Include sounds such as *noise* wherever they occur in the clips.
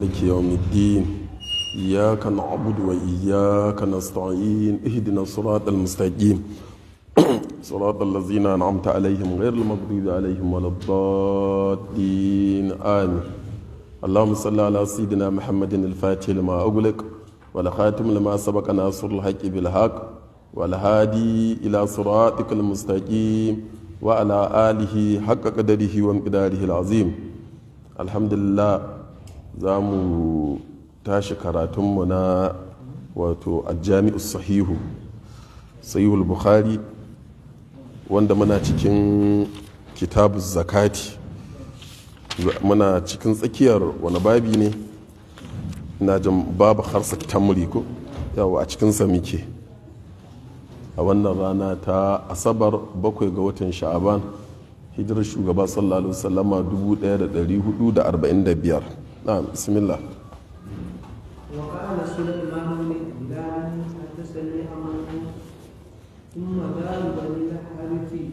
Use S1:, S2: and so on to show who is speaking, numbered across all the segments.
S1: مالك يوم الدين إياك نعبد وإياك نستعين اهدنا الصراط المستقيم صراط الذين أنعمت عليهم غير المغضوب عليهم ولا الضالين آمين اللهم صل على سيدنا محمد الفاتح لما أغلق والخاتم لما سبق ناصر الحق بالحق والهادي إلى صراطك المستقيم وعلى آله حق قدره ومقداره العظيم الحمد لله za mu tashi karatunmu na wato ajami'u sahihu sahihul bukhari wanda muna cikin kitabu zakati muna cikin tsakiyar wani babi ne na jin babu harsa tamuri ko yawa a cikin muke a wannan rana ta asabar bakwai ga watan sha'aban hijirar shugaba sallallahu alaihi wasallama 1445 نعم بسم الله
S2: وقال حدثني ثم بني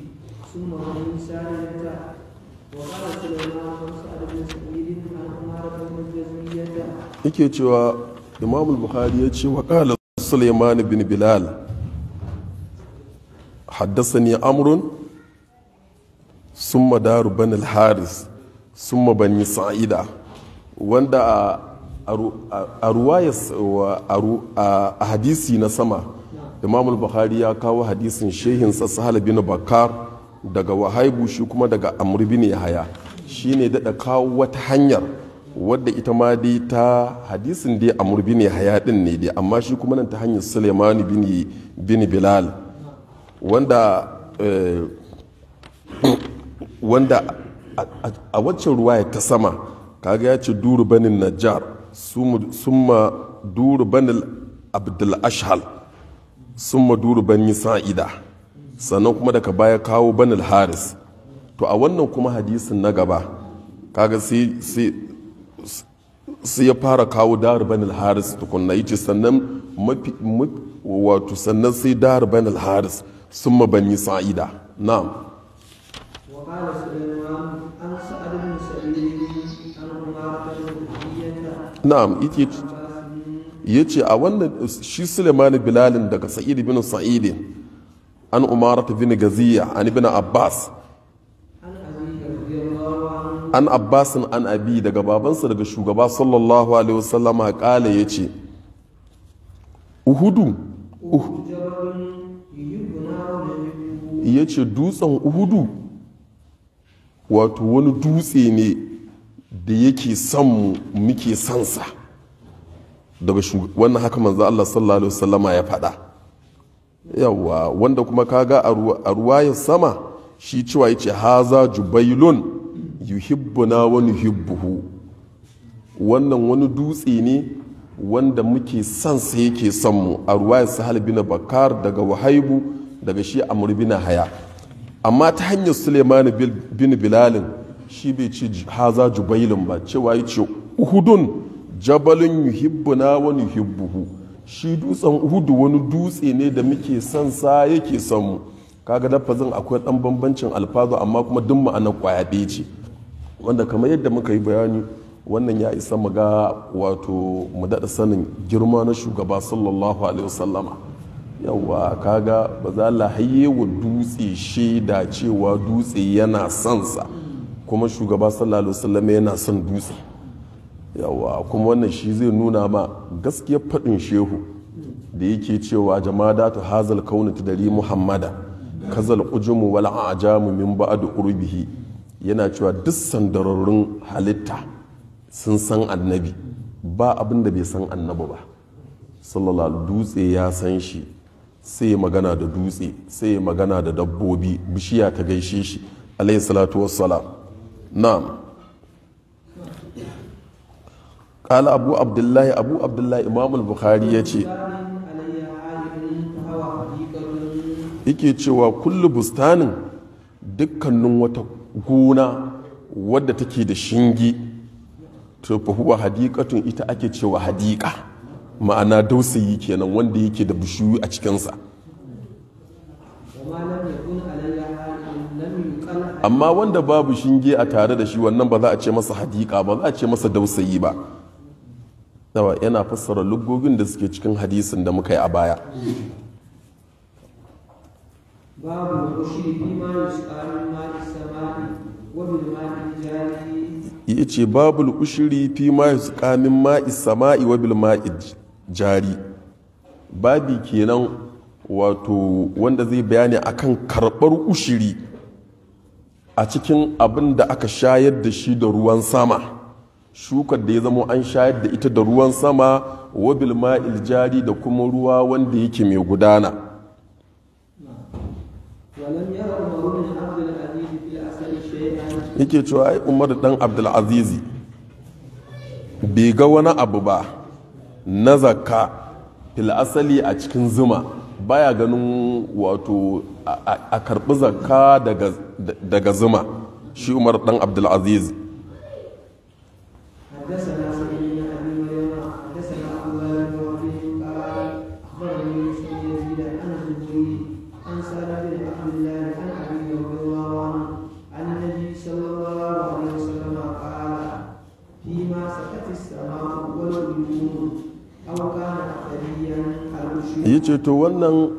S2: ثم بني سالمة وقال سليمان وسعد بن سعيد عن عمارة بن
S1: yake cewa imam al-bukhari ya ce wa qala sulaiman bin bilal haddathani amrun summa daru ban al bani wanda a hadisi na sama imam bukhari ya kawo hadisin shehin sahal bin bakar daga wahaibu shi kuma daga amr bin yahaya shine daɗa kawo wata hanyar wadda ita ma dai ta hadisin dai amr bin yahaya din ne dai amma shi kuma nan ta hanyar suleiman bin bilal wanda eh, *coughs* wanda a waccan ruwaya ta sama kaga ya ce duru banin najjar summa duru banin abdul ashhal summa duru banin sa'ida sannan kuma daga baya kawo banin haris to a wannan kuma hadisin na gaba kaga sai ya fara kawo daru banin haris tukunna ce sannan mafi wato sannan sai daru banin haris summa banin sa'ida na'am
S2: وقال سليمان عن سعد بن
S1: na'am yake yace a wannan shi Sulaiman Bilalin daga Sa'id bin Sa'id an Umarat bin Gaziya an ibn Abbas an Abbasin an Abi daga babansa daga shugaba sallallahu alaihi wasallam kala yace Uhudu uh- yace dutsen Uhudu wato wani dutse ne da yake son mu muke sansa daga wannan haka manzo Allah sallallahu alaihi wasallama ya faɗa yawa wanda kuma kaga a ruwayar sama shi cewa yace haza jubailun yuhibbuna wa nuhibbuhu wannan wani dutse ne wanda muke son sa yake son mu a ruwayar sahal bin bakar daga wahaibu daga shi amr bin haya amma ta hanyar suleiman bin bilalin shi bai ce haza jubailun ba cewa ya ce uhudun jabalin na wani yuhibbuhu shi dutsen uhudu wani dutse ne da muke son sa yake son mu kaga lafazin akwai dan bambancin alfazo amma kuma duk ma'anar kwaya ɗaya ce wanda kamar yadda muka yi bayani wannan ya isa mu ga wato mu daɗa sanin girma na shugaba sallallahu alaihi wasallama yawa kaga ba za la wa dutse shaida cewa dutse yana sansa sa kuma shugaba sallallahu alaihi wasallam yana son dutse yawa kuma wannan shi zai nuna ma gaskiyar faɗin shehu da yake cewa jama'a ta hazal ta dari muhammada kazal ujumu wal ajamu min ba'd qurbihi yana cewa duk sandararrun halitta sun san annabi ba abin da bai san annabi ba sallallahu dutse ya san shi sai magana da dutse sai magana da dabbobi bishiya ta gaishe shi alayhi salatu wassalam نعم قال أبو عبد الله أبو عبد الله إمام البخاري يتي yake cewa kullu bustanin dukkanin wata gona wadda take da shingi to huwa hadikatun ita ake cewa hadika ma'ana dausayi kenan wanda yake da bishiyu a cikinsa amma wanda babu shinge a tare da shi wannan ba za a ce masa hadika ba za a ce masa dausayi ba nawa yana fassara lugogin da suke cikin hadisin da muka yi a baya
S2: babu
S1: ya ce babul ushiri fi ma kamin ma'i sama'i wa bil ma'i jari babi kenan wato wanda zai bayani akan karɓar ushiri a cikin abin da aka shayar da shi da ruwan sama shukar da ya zamo an shayar da ita da ruwan sama wabil ma'il jari da kuma ruwa wanda yake mai gudana yake cewa ai umar dan abdulazizi bai ga wani abu ba na zakka fil asali a cikin zuma baya ganin wato a karɓi zakka daga zuma shi umar ɗan abdulaziz
S2: عن سالم
S1: ce to wannan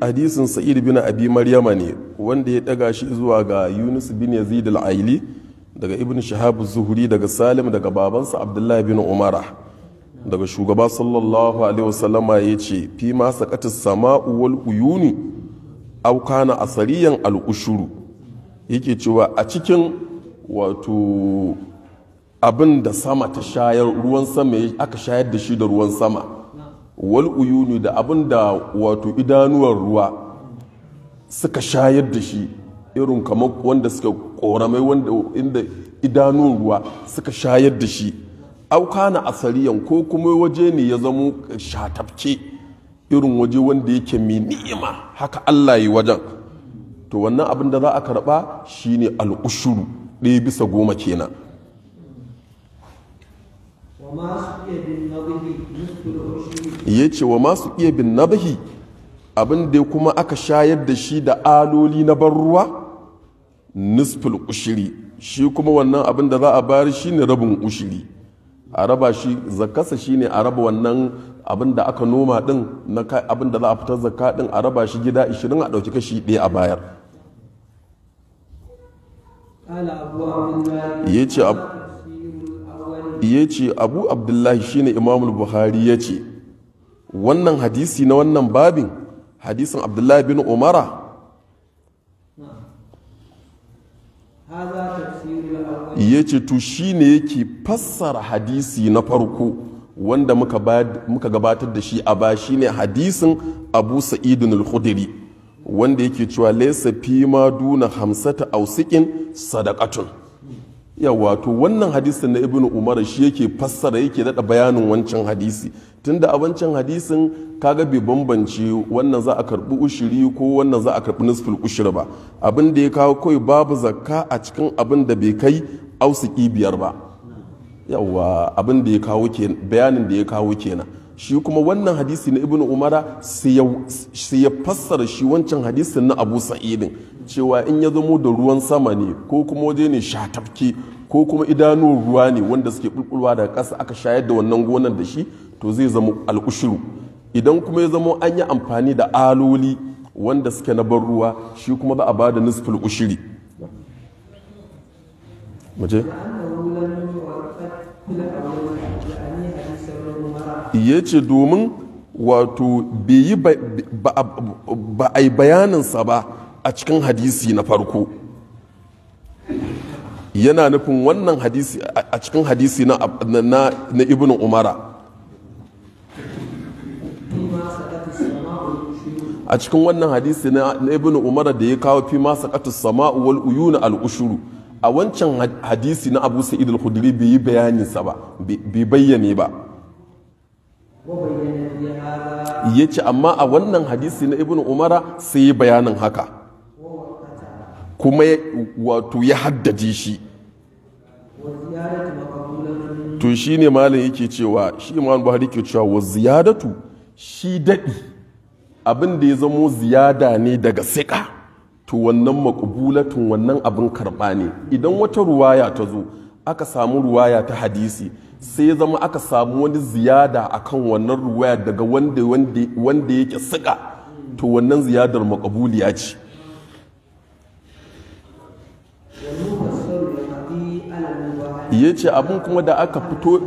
S1: hadisin sa'id bin abi maryama ne wanda ya daga shi zuwa ga yunus bin yazid al-aili daga ibn shahab zuhuri daga salim daga babansa abdullahi bin umara daga shugaba sallallahu alaihi wasallama ya ce fi ma sakatis sama'u wal uyuni aw kana asariyan al ushuru yake cewa a cikin wato abin da sama ta shayar ruwan sama aka shayar da shi da ruwan sama wal uyuni da abin da wato idanuwar ruwa suka shayar da shi irin kamar wanda suka koramai wanda inda idanuwar ruwa suka shayar da shi aukana asariyan ko kuma waje ne ya zamo shatabce irin waje wanda yake mai ni'ima haka Allah yi wajen to wannan abin da za a karba shine al'ushuru ɗaya bisa goma kenan ya ce wa masu iya bin nabahi abin da kuma aka shayar da shi da aloli na ban ruwa nisful ushiri shi kuma wannan abin da za a bayar shi ne rabin ushiri a raba shi zakasa shi ne a raba wannan abin da aka noma din na abin da za a fitar zakka din a raba shi gida 20 a ɗauki kashi ɗaya a bayar ya ce ya ce abu abdullahi shine imamul buhari ya ce wannan hadisi na wannan babin hadisin abdullahi bin umara ya ce to shi ne yake fassara hadisi na farko wanda muka gabatar da shi a ba shi ne hadisin abu sa'idun al wanda yake cewa laisa fi ma duna hamsata ausikin sadakatun yawa to wannan hadisin na ibnu umar shi yake fassara yake daɗa bayanin wancan hadisi tunda a wancan hadisin kaga bai bambance wannan za a karbi ushiri ko wannan za a karbi nisful ushiri ba abin da ya kawo kawai babu zakka a cikin abin da bai kai ausiki biyar ba yawa abin da ya kawo bayanin da ya kawo kenan shi kuma wannan hadisi na ibnu umara sai ya fassara shi wancan hadisin na abu sa'idin cewa in ya zamo da ruwan sama ne ko kuma waje ne shatafki ko kuma idanuwar ruwa ne wanda suke bulbulwa daga ƙasa aka shayar da wannan gonar da shi to zai zama al'ushiru idan kuma ya zamo an yi amfani da aloli wanda suke na ban ruwa shi kuma za a ba da nisful ushiri ya ce domin wato ba a yi sa ba a cikin hadisi na farko yana nufin wannan hadisi a cikin hadisi na, na, na, na ibn umara a cikin wannan hadisi na, na ibn umara da ya kawo fi masa katus sama'u wal uyuna al ushuru a wancan hadisi na abu sa'id al-khudri bai yi bayaninsa ba bai bayyane ba ya ce amma a wannan hadisi na ibn umara sai yi bayanin haka kuma wato ya haddace shi to shi ne malin yake cewa shi imam buhari ke cewa wa ziyadatu shi daɗi abin da ya zamo ziyada ne daga siƙa to wannan maƙubulatun wannan abin karɓa ne idan wata ruwaya ta zo aka samu ruwaya ta hadisi sai ya zama aka samu wani ziyada akan wannan ruwaya daga wanda yake siƙa to wannan ziyadar makabuliya ce ya ce abin kuma da aka fito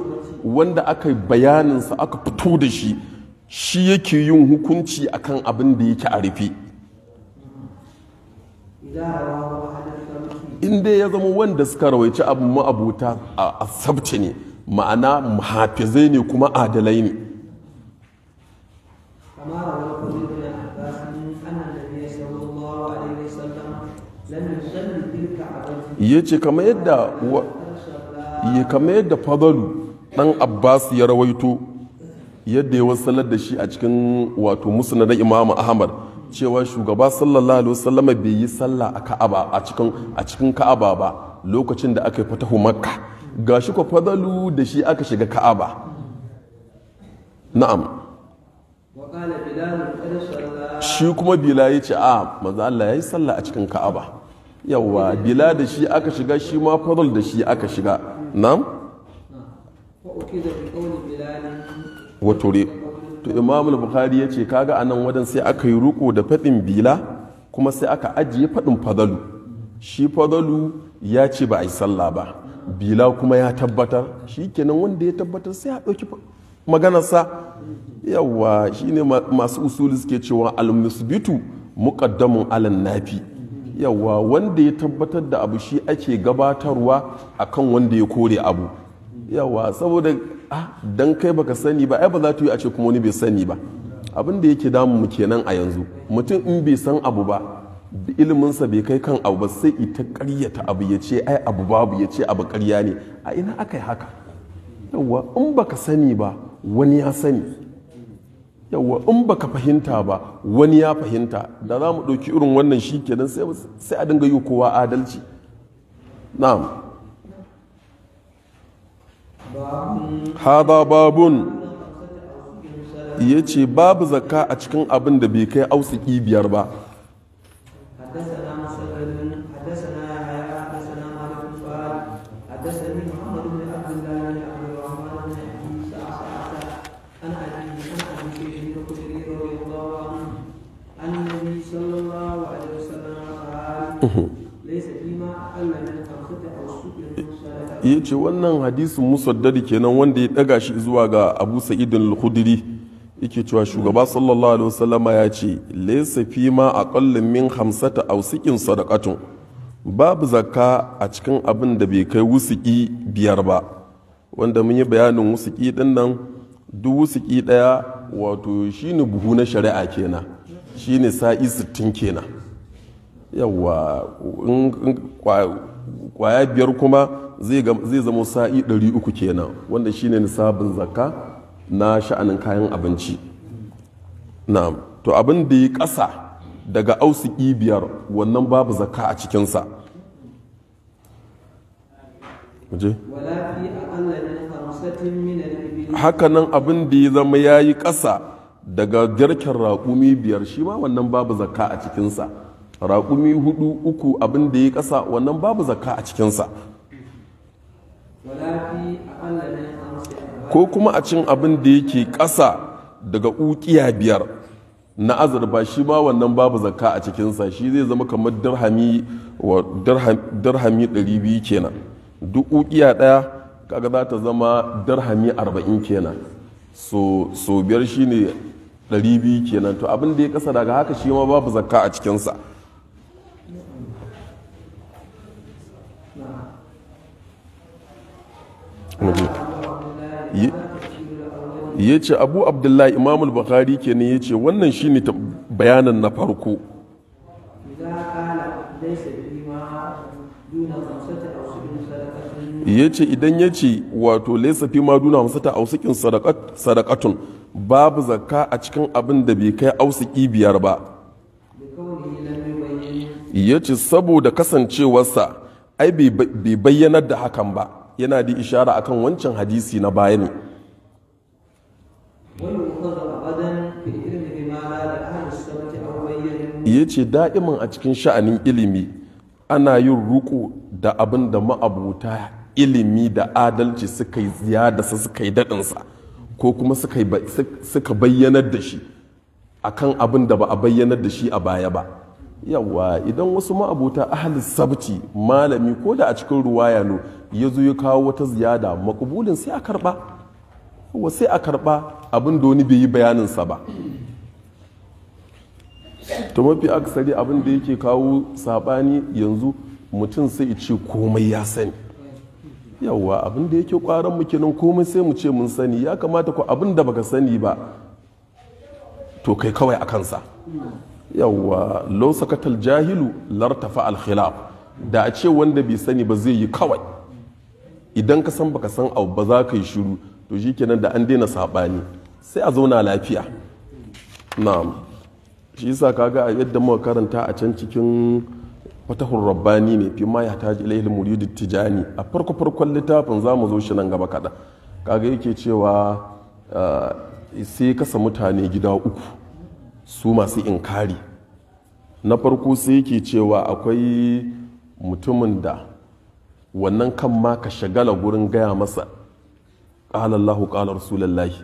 S1: wanda aka yi bayaninsa aka fito da shi shi yake yin hukunci akan abin da yake a rufe in dai ya zama wanda suka rawaici abin ma'abuta a asabce ne ma'ana muhafizai ne kuma adalai ne ya ce kamar yadda yi kamar yadda fadalu dan abbas ya rawaito yadda ya wasalar da shi a cikin wato musnad na imamu ahmad cewa shugaba sallallahu alaihi wasallam bai yi sallah a ka'aba a cikin a cikin ka'aba ba lokacin da aka yi fatahu makka gashi ko fadalu da shi aka shiga ka'aba na'am shi kuma bila ya ce a manzo Allah ya yi sallah a cikin ka'aba yawa bila da shi aka shiga shi ma fadal da shi aka shiga na'am wature to imam al-bukhari ya ce kaga anan wadan sai aka yi ruko da faɗin bila kuma sai aka ajiye faɗin fadalu shi fadalu ya ce ba a yi sallah ba bila kuma ya tabbatar shi kenan wanda ya tabbatar sai ya ɗauki maganarsa yawa shine masu usuli suke cewa al-musbitu muqaddamun alan nafi yawa wanda ya tabbatar da abu shi ake gabatarwa akan wanda ya kore abu yawa saboda dan kai baka sani ba ai ba za ta yi a ce kuma wani bai sani ba abin da yake damu mu kenan a yanzu mutum in bai san abu ba iliminsa bai kai kan abu ba sai ita karyata abu ya ce ai abu babu ya ce abu karya ne a ina aka yi haka yawa in baka sani ba wani ya sani yawa in baka fahimta ba wani ya fahimta da za mu ɗauki irin wannan shi kenan sai a dinga yi kowa adalci na'am haɗa babun ya ce babu zakka a cikin abin da bai kai ausiki biyar ba ya ce wannan hadisin musaddadi kenan wanda ya daga shi zuwa ga abu sa'idin al-khudri yake cewa shugaba sallallahu alaihi wasallama ya ce laysa fi ma aqallin min khamsata aw sikin sadaqatun babu zakka a cikin abin da bai kai wusiki biyar ba wanda mun yi bayanin wusiki din nan duk wusiki daya wato shine buhu na shari'a kenan shine sa'i 60 kenan yawa kwaya biyar kuma zai zama sa'i 300 kenan wanda shine nisabin zakka na sha'anin kayan abinci na'am to abin da ya ƙasa daga ausiki biyar wannan babu zakka a cikinsa hakanan abin da ya zama ya yi ƙasa daga garken raƙumi biyar shi ma wannan babu zakka a cikinsa raƙumi hudu uku abin da ya ƙasa wannan babu zakka a cikinsa ko kuma a cin abin da yake ƙasa daga ukiya biyar na azurba shi ma wannan babu zakka a cikinsa shi zai zama kamar dirhami dirhami 200 kenan duk ukiya ɗaya kaga za ta zama dirhami 40 kenan so so biyar ɗari 200 kenan to abin da ya ƙasa daga haka shi ma babu zakka a cikinsa ya ce abu abdullahi imamul bukhari ne ya ce wannan shi ne bayanan na farko ya ce idan ya ce wato laisa fi ma duna hamsata ausikin sadakatun babu zakka a cikin abin da bai kai ausiki biyar ba ya ce saboda kasancewarsa ai bai bayyanar da hakan ba yana da ishara akan wancan hadisi na baya ne ya ce da'iman a cikin sha'anin ilimi ana yin ruku da abin da ma'abuta ilimi da adalci suka yi ziyadarsa suka yi daɗinsa ko kuma suka bayyanar da shi akan abin da ba a bayyanar da shi a baya ba Yawwa, idan wasu ma'abuta ahalis sabci malami ko da a cikin ruwaya no ya zo ya kawo wata ziyada makubulin sai a karba wa sai a karba abin da wani bai yi bayaninsa ba ta mafi akasari abin da yake kawo sabani yanzu mutum sai ce komai ya sani yawwa abin da yake kwaran mu kenan komai sai mu ce mun sani ya kamata ku abin da baka sani ba to kai kawai a kansa yawwa lausakatal jahilu lartafa alkhilaf da a ce wanda bai sani ba zai yi kawai idan ka san baka san abu ba za ka yi shiru to shi kenan da an daina saɓani sai a zauna lafiya na'am shi yasa kaga a yadda muka karanta a can cikin fatahun rabbani ne fi ma ya ji ilayhi muridu tijani a farko farkon littafin za mu zo shi nan gaba kaɗan kaga yake cewa eh, sai kasa mutane gida uku su masu inkari na farko sai yake cewa akwai mutumin da wannan kan ma ka shagala gurin gaya masa ƙalallahu ƙalar sulallahi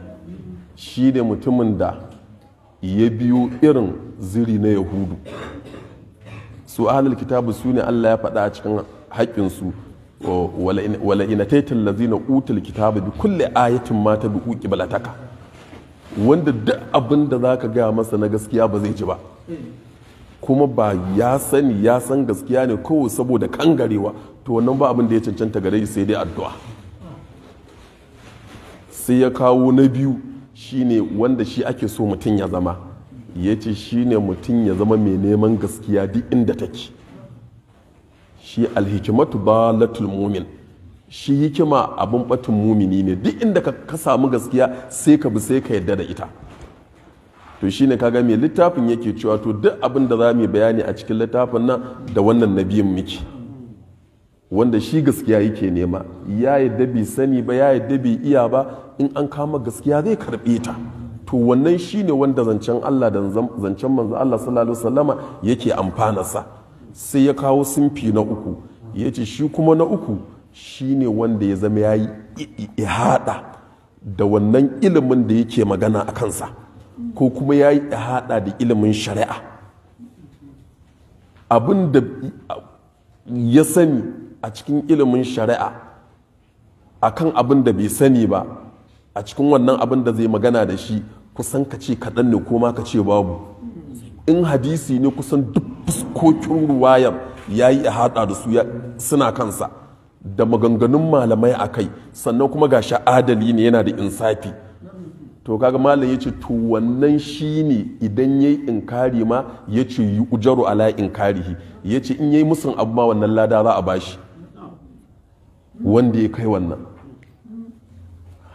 S1: shi ne mutumin da ya biyu irin ziri na yahudu su ahalar kitabu su ne allah ya faɗa a cikin haƙƙinsu wala ina taitin lazina utul kitabu bi kulle ayatin mata bi uki balataka wanda duk abin da za ka gaya masa na gaskiya ba zai ji ba kuma ba ya sani ya san gaskiya ne kowa saboda kangarewa to wannan ba abin da ya cancanta gare sai dai addu'a sai ya kawo na biyu shine wanda shi ake so mutum ya zama ya ce shine mutum ya zama mai neman gaskiya duk inda take shi alhikimatu latul mumin shi hikima abin batun mumini ne duk inda ka samu gaskiya sai ka bi sai ka yadda da ita to shi shine kaga mai littafin yake cewa to duk abin da za mu bayani a cikin littafin nan da wannan nabiyin muke wanda shi gaskiya yake nema ya yadda bai sani ba ya yadda bai iya ba in an kama gaskiya zai karɓe ta to wannan shi ne wanda zancen Allah da zancen manzo Allah sallallahu alaihi wasallama yake amfana sa sai ya kawo simfi na uku yace shi kuma na uku shi ne wanda ya zama yayi ihada da wannan ilimin da yake magana a kansa ko kuma ya yi hada da ilimin shari'a abin da ya sani a cikin ilimin shari'a akan abin da bai sani ba a cikin wannan abin da zai magana da shi kusan ka ce kaɗan ne ko ka ce babu in hadisi ne kusan duk fuskokin ruwayan ya yi hada da su suna kansa da maganganun malamai a kai sannan kuma ga adali ne yana da insafi to kaga malam yace to wannan shine idan yayi inkari ma yace ujaru ala inkarihi yace in yayi musun abu ma wannan lada za a bashi wanda ya kai wannan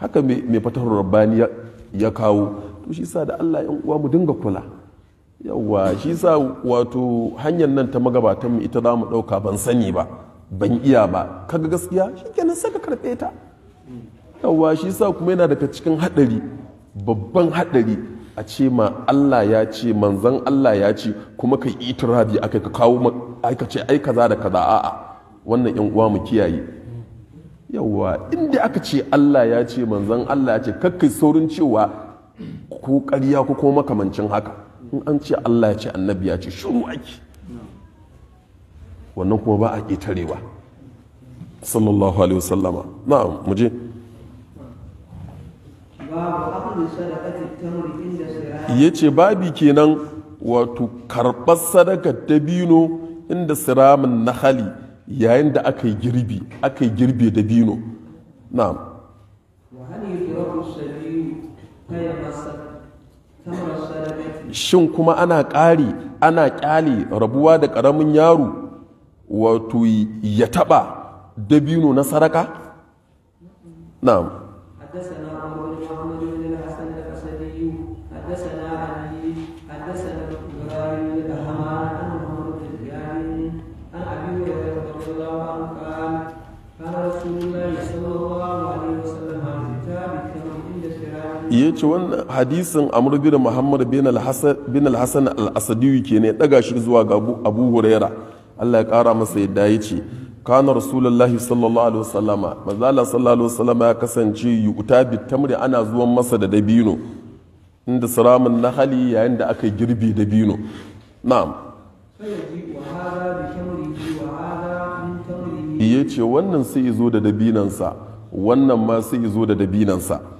S1: haka mai fatar rabbani ya kawo to shi sa da Allah yan uwa mu dinga kula yawa shi sa wato hanyar nan ta magabatan mu ita za mu dauka ban sani ba ban iya ba kaga gaskiya shi kenan saka karfe ta yawa shi sa kuma yana daga cikin hadari babban haɗari a ce ma Allah ya ce manzan Allah ya ce kuma ka yi turabi aka ka kawo aka ce ai kaza da kaza a'a wannan yan uwa mu kiyaye yawa inda aka ce Allah ya ce manzan Allah ya ce kakkai saurin cewa ko ƙarya ko kuma makamancin haka in an ce Allah ya ce annabi ya ce shuru ake wannan kuma ba a ƙetarewa sallallahu alaihi wasallama na'am mu ya ce babi kenan wato karɓar sadakar dabino inda siramin na hali yayin da aka yi girbi aka yi girbe dabino na shin kuma ana ƙari ana ƙyale rabuwa da ƙaramin yaro wato ya taɓa dabino na saraka na ya ce wannan hadisin amur bin muhammad bin al-hasan al-asadiyu ke ne daga shi zuwa ga abu huraira allah ya kara masa yadda ya ce kana rasulullahi sallallahu alaihi wasallama mazala sallallahu alaihi wasallama ya kasance yuta bi tamri ana zuwan masa da dabino inda siramin nahali yayin da aka girbi dabino na'am ya ce wannan sai izo da dabinansa wannan ma sai izo da dabinansa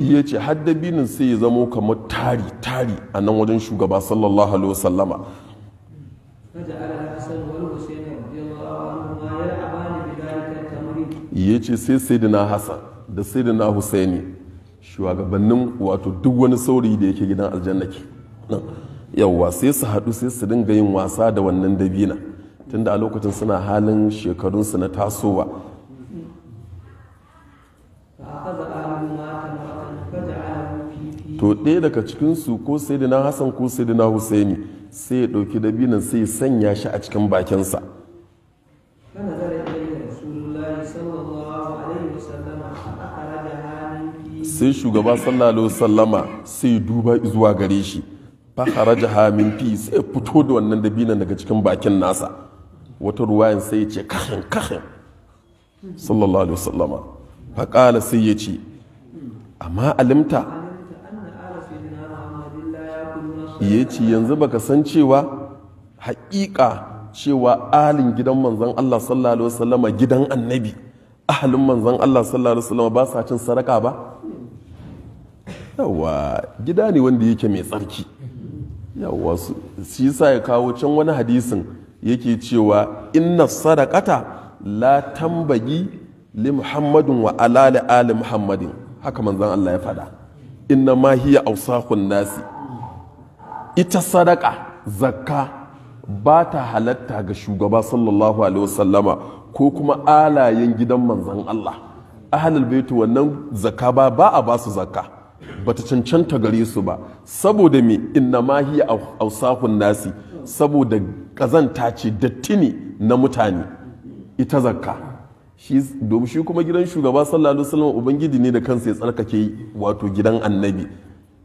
S1: ya ce haddabinin sai ya zamo kamar tari tari a nan wajen shugaba sallallahu alaihi wasallama ya ce sai saidina hassan da saidina husaini shugabannin wato duk wani saurayi da yake gidan aljanna ke yawwa sai su haɗu sai su dinga yin wasa da wannan dabina tunda a lokacin suna halin shekarunsu na tasowa to ɗaya daga cikinsu ko sai da na hasan ko sai da na husaini sai ya ɗauki dabinan sai ya sanya shi a cikin bakinsa sai shugaba sallallahu alaihi sallama sai ya duba zuwa gare shi fahara jahamin fi sai ya fito da wannan dabina daga cikin bakin nasa wata ruwayan sai ya ce kahin kahin sallallahu alaihi wasallama faƙala sai ya ce amma alimta ya ce yanzu baka san cewa haƙiƙa cewa alin gidan manzan Allah sallallahu alaihi wasallama gidan annabi ahalin manzan Allah sallallahu alaihi wasallama ba sa cin saraka ba yawa gida ne wanda yake mai tsarki su shi sa ya kawo can wani hadisin yake cewa inna sadaqata la tambagi li muhammadin wa alali ali muhammadin haka manzan Allah ya faɗa inna ma hiya ausakun nasi ita sadaka zakka ba ta halatta ga shugaba sallallahu alaihi wasallama ko kuma alayen gidan manzan Allah ahlul baiti wannan zakka ba ba a ba su zakka bata cancanta gare su ba saboda me inna ma hiya ausakun nasi saboda kazanta ce dattini na mutane ita zakka shi kuma gidan shugaba sallallahu alaihi wasallam ubangiji ne da kansa ya tsarkake wato gidan annabi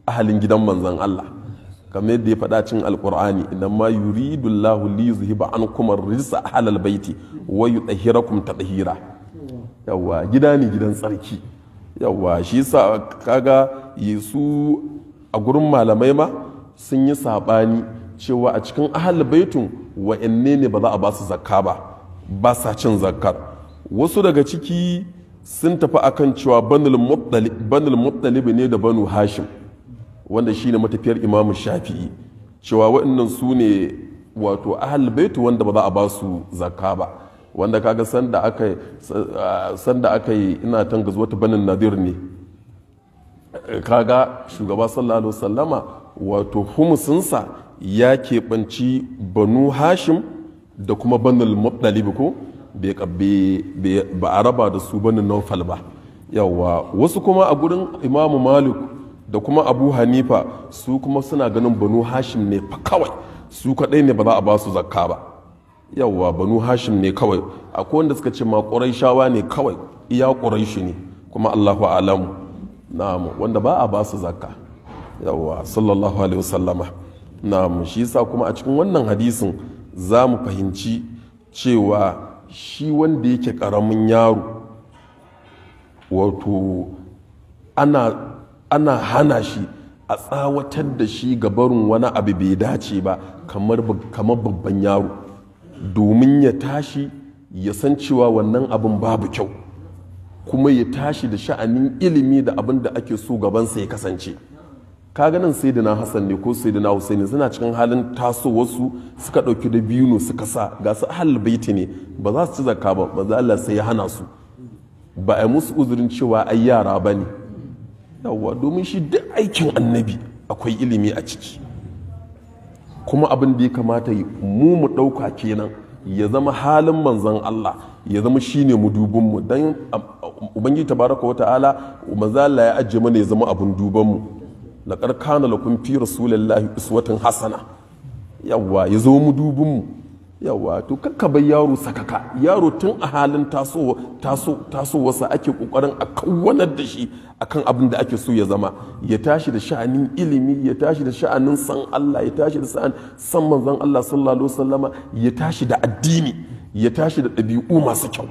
S1: ahalin gidan manzon Allah kamar yadda ya faɗa cin alkur'ani idan ma yuridu Allahu li yuzhiba ankum ar-rijsa al baiti wa yutahhirakum tadhira yawa gida ne gidan tsarki yawa shi sa kaga yesu a gurin malamai ma sun yi sabani cewa a cikin ahal baitun wa'anne ne ba za a ba su zakka ba ba sa cin zakkar wasu daga ciki sun tafi akan cewa banul muttalib ne da banu hashim wanda shine matafiyar imamu shafi'i cewa waɗannan su ne wato ahal baitu wanda ba za a ba su zakka ba wanda kaga sanda aka sanda aka yi ina zuwa wata banin nadir ne kaga shugaba sallallahu alaihi wasallama wato humusinsa ya keɓanci banu hashim da kuma banul muttalib ko ba a raba da su bani naufal ba yawa wasu kuma a gurin imamu malik da kuma abu hanifa su kuma suna ganin banu hashim ne fa kawai su kadai ne ba za a ba su zakka ba yawa banu hashim ne kawai a wanda suka ce ma shawa ne kawai iya ƙuraishi ne kuma allahu alamu na'am wanda ba a ba su zakka yawa sallallahu alaihi wasallama mu shi yasa kuma a cikin wannan hadisin za mu fahimci cewa shi wanda yake ƙaramin yaro wato ana, ana hana shi a tsawatar da shi gabarin wani abu bai dace ba kamar babban yaro domin ya tashi ya san cewa wannan abin babu kyau kuma ya tashi da sha'anin ilimi da abin da ake so gabansa ya kasance. kaga nan sai na hassan ne ko sai na husaini suna cikin halin taso wasu suka ɗauki da biyu suka sa ga su ahal baiti ne ba za su ci zakka ba ba za Allah sai ya hana su ba a musu uzurin cewa ai yara ba ne yawwa domin shi duk aikin annabi akwai ilimi a ciki kuma abin da ya kamata mu mu ɗauka kenan ya zama halin manzon Allah ya zama shi ne mu mu don um, um, ubangiji tabaraka wa ta'ala manzo Allah ya ajiye mana ya zama abin mu. laƙar kana lakum fi rasulillahi uswatun hasana yawa ya zo mu dubinmu? mu yawa to kakka bai yaro sakaka yaro tun a halin taso wasa ake kokarin a kawwanar da shi akan abin da ake so ya zama ya tashi da sha'anin ilimi ya tashi da sha'anin san Allah ya tashi da san san manzon Allah sallallahu alaihi wasallama ya tashi da addini ya tashi da ɗabi'u masu kyau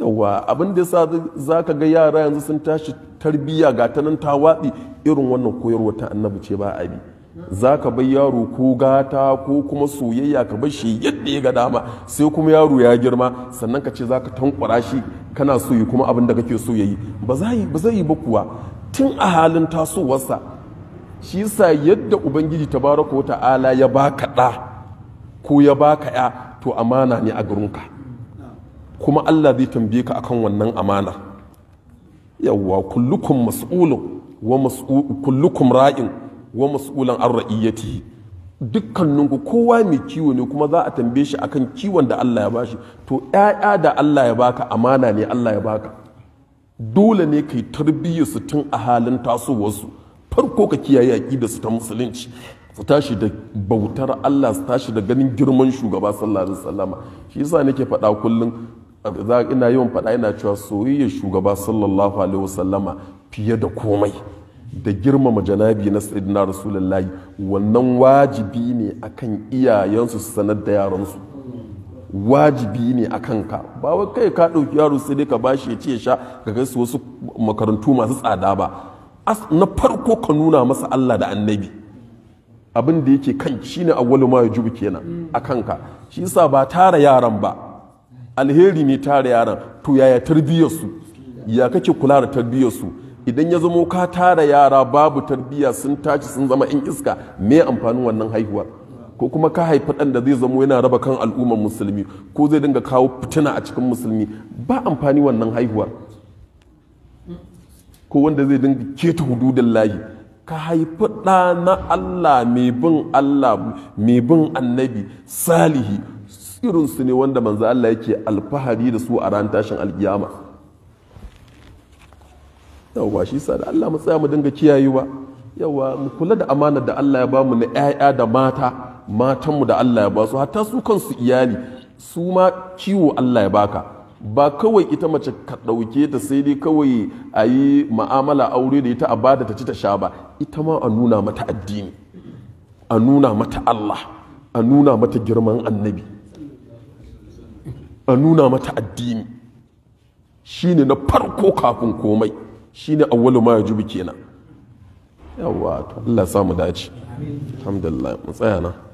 S1: yawa abin da yasa za ka ga yara yanzu sun tashi tarbiyya ga ta nan ta watsi irin wannan koyarwa ta annabi ce ba abi za ka bai yaro ko gata ko kuma soyayya ka bar shi yadda ya ga dama sai kuma yaro ya girma sannan ka ce za ka tankwara shi kana so yi kuma abin da kake so ya yi ba zai yi ba kuwa tun a halin tasowarsa shi yasa yadda ubangiji tabaraka wa ta'ala ya baka ɗa ko ya baka ya to amana ne a garinka kuma Allah zai tambaye ka akan wannan amana yawwa kullukum mas'ulun wa kullukum ra'in wa mas'ulan an ra'iyyati dukkaninku kowa mai kiwo ne kuma za a tambaye shi akan kiwon da Allah ya bashi to ƴaƴa da Allah ya baka amana ne Allah ya baka dole ne kai tarbiyyar su tun a halin tasowarsu farko ka kiyaye aƙidar su ta musulunci su tashi da bautar Allah su tashi da ganin girman shugaba sallallahu alaihi wasallama shi yasa nake faɗa kullum za ina yawan faɗa ina cewa soyayyar shugaba sallallahu alaihi wasallama fiye da komai da girmama janabi na sayyidina rasulullahi wannan wajibi ne akan iyayensu su sanar da yaransu wajibi ne a kanka ba wai kai ka ɗauki yaro sai dai ka bashi ya ce ya sha ga gaisu wasu makarantu masu tsada ba na farko ka nuna masa Allah da annabi abin da yake kan shine awwalu ma yajibu kenan a kanka shi yasa ba tara yaran ba alheri ne tare yaran to yaya tarbiyyarsu ya kake kula da tarbiyyarsu idan ya zamo ka tara yara babu tarbiyya sun tashi sun zama in iska me amfanin wannan haihuwar ko kuma ka haifi ɗan da zai zamo yana raba kan al'ummar musulmi ko zai dinga kawo fitina a cikin musulmi ba amfani wannan haihuwar ko wanda zai dinga keta hududin layi ka haifi ɗa na Allah mai bin Allah mai bin annabi salihi irinsu ne wanda manzo Allah yake alfahari da su a ran tashin alkiyama yawwa shi sa da Allah mu tsaya mu dinga kiyaye ba yawa mu kula da amana da Allah ya bamu na ƴaƴa da mata matanmu da Allah ya ba su hatta su kansu iyali su ma kiwo Allah ya baka ba kawai ita mace ka ɗauke ta sai dai kawai a yi ma'amala aure da ita a bada ta ci ta sha ba ita ma a nuna mata addini a nuna mata Allah a nuna mata girman annabi a nuna mata addini shi ne na farko kafin komai shi shine awwalu ma jubi kenan yawa to Allah samu dace alhamdulillah mu tsaya na